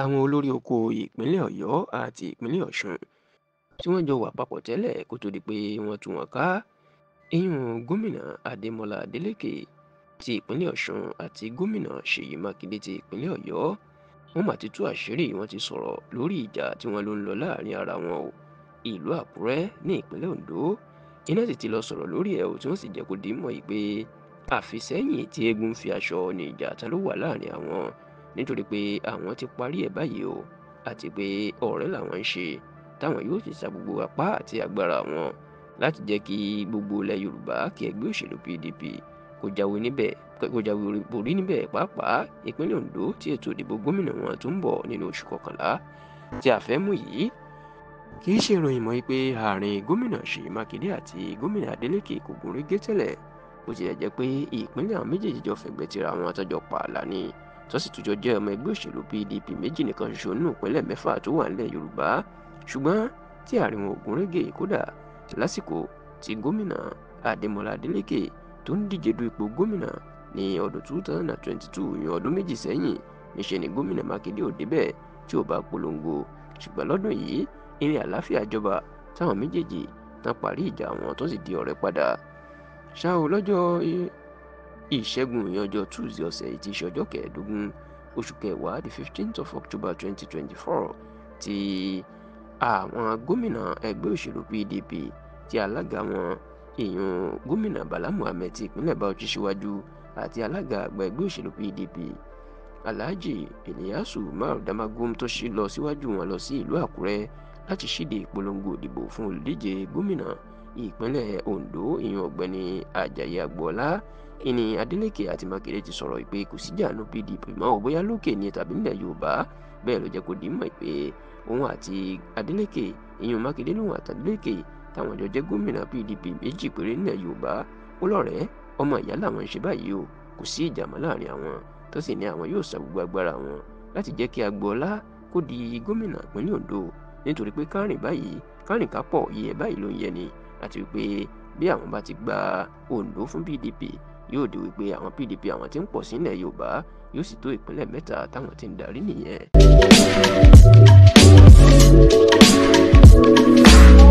Àwọn olórí oko ìpínlẹ̀ Ọ̀yọ́ àti ìpínlẹ̀ Ọ̀ṣun tí wọ́n jọ wà papọ̀ tẹ́lẹ̀ kó tó di pé wọ́n tú wọn ká, ìyún Gómìnà Adémọlá Adeleke ti ìpínlẹ̀ Ọ̀ṣun àti Gómìnà Ṣèyí Mákindé ti ìpínlẹ̀ Ọ̀yọ́, wọ́n mà ti tú àṣírí wọ́n ti sọ̀rọ̀ lórí ìjà tí wọ́n ló ń lọ láàrin ara wọn o. Ìlú Àkúrẹ́ ní ìpínlẹ̀ Oǹdó iná sì ti lọ sọ̀rọ̀ lórí ẹ̀ o tí wọ́n sì jẹ́ kó di mọ̀ pé àfisẹ́yìn tí eégún fi aṣọ ni ìjà tán ló wà láàrin àwọn nítorí pé àwọn ti parí ẹ̀ báyìí o àti pé ọ̀rẹ́ làwọn ń ṣe táwọn yóò sì sa gbogbo apá àti agbára wọn láti jẹ́ kí gbogbo ilẹ̀ Yorùbá kí ẹgbẹ́ òṣèlú PDP kó jáwé níbẹ̀ kó jáwé borí níbẹ̀ pàápàá ìpínlẹ̀ Ondo tí ètò ìdìbò gómìnà wọn tó ń bọ̀ nínú oṣù kọkànlá tí a fẹ́ mú yìí kì í ṣe ìròyìn mọ́ pé àárín gómìnà Ṣèyí Mákindé àti gómìnà Adeleke kò gún régé tẹ́lẹ̀ bó tilẹ̀ jẹ́ pé ìpínlẹ̀ àwọn méjèèjì jọ fẹ̀gbẹ́ tira wọn àtọ́jọ pààlà ni tó sì tún jọ jẹ́ ọmọ ẹgbẹ́ òṣèlú PDP méjì nìkan ṣoṣo nínú ìpínlẹ̀ mẹ́fà tó wà nílẹ̀ Yorùbá ṣùgbọ́n tí àrìnwò ògúnrégé kódà lásìkò tí gómìnà Adémọ́lá Adélékè tó ń díje du ipò gómìnà ní ọdún 2022 ìyẹn ọdún méjì sẹ́yìn níṣẹ́ ni gómìnà Mákindé ò débẹ̀ tí ò bá polongo ṣùgbọ́n lọ́dún yìí eré àláfíà jọba táwọn méjèèjì tán parí ìjà wọn tó sì di ọ̀rẹ́ padà ṣá o lọ́jọ́ ìṣẹ́gun ìyẹn ọjọ́ tuesday ọ̀sẹ̀ yìí ti ṣe ọjọ́ kẹẹ̀ẹ́dógún oṣù kẹwàá the fifteenth of october twenty twenty four ti àwọn gómìnà ẹgbẹ́ òṣèlú pdp tí alága wọn èèyàn gómìnà bala muhammed ti ìpínlẹ̀ bauchi síwájú àti alága àgbà ẹgbẹ́ òṣèlú pdp alhaji eliyasu umar damagum tó ṣí lọ síwájú wọn lọ sí ìlú àkúrẹ́ láti ṣíde ìpolongo ìdìbò fún olùdíje gómìnà ìpínlẹ̀ ondo èèyàn ọ̀gbẹ́ni ajayi agboola ìní Adeleke àti Makinde ti sọ̀rọ̀ pé kò síjà nu PDP mọ́ ò bóyá lókè ni tàbí nílẹ̀ Yorùbá bẹ́ẹ̀ ló jẹ́ kó dì í mọ̀ pé òun àti Adeleke ìyún Makinde lòun àti Adeleke táwọn jọ jẹ́ gómìnà PDP méjì péré nílẹ̀ Yorùbá ó lọ́rẹ̀ẹ́ ọmọ ìyá làwọn ń ṣe báyìí o kò sí ìjàmọ́ láàrin àwọn tó sì ní àwọn yóò sa gbogbo agbára wọn láti jẹ́ kí Agboola kó di gómìnà ìpínlẹ̀ Ondo nítorí pé kárìn báyìí kárìn kápọ̀ yẹ báyìí ló ń yẹ ni àti wípé bí àwọn bá ti gba Ondo fún PDP yóò di wípé àwọn PDP àwọn tí ń pọ̀ sí ilẹ̀ Yorùbá yóò sì tó ìpínlẹ̀ mẹ́ta táwọn ti ń darí nìyẹn.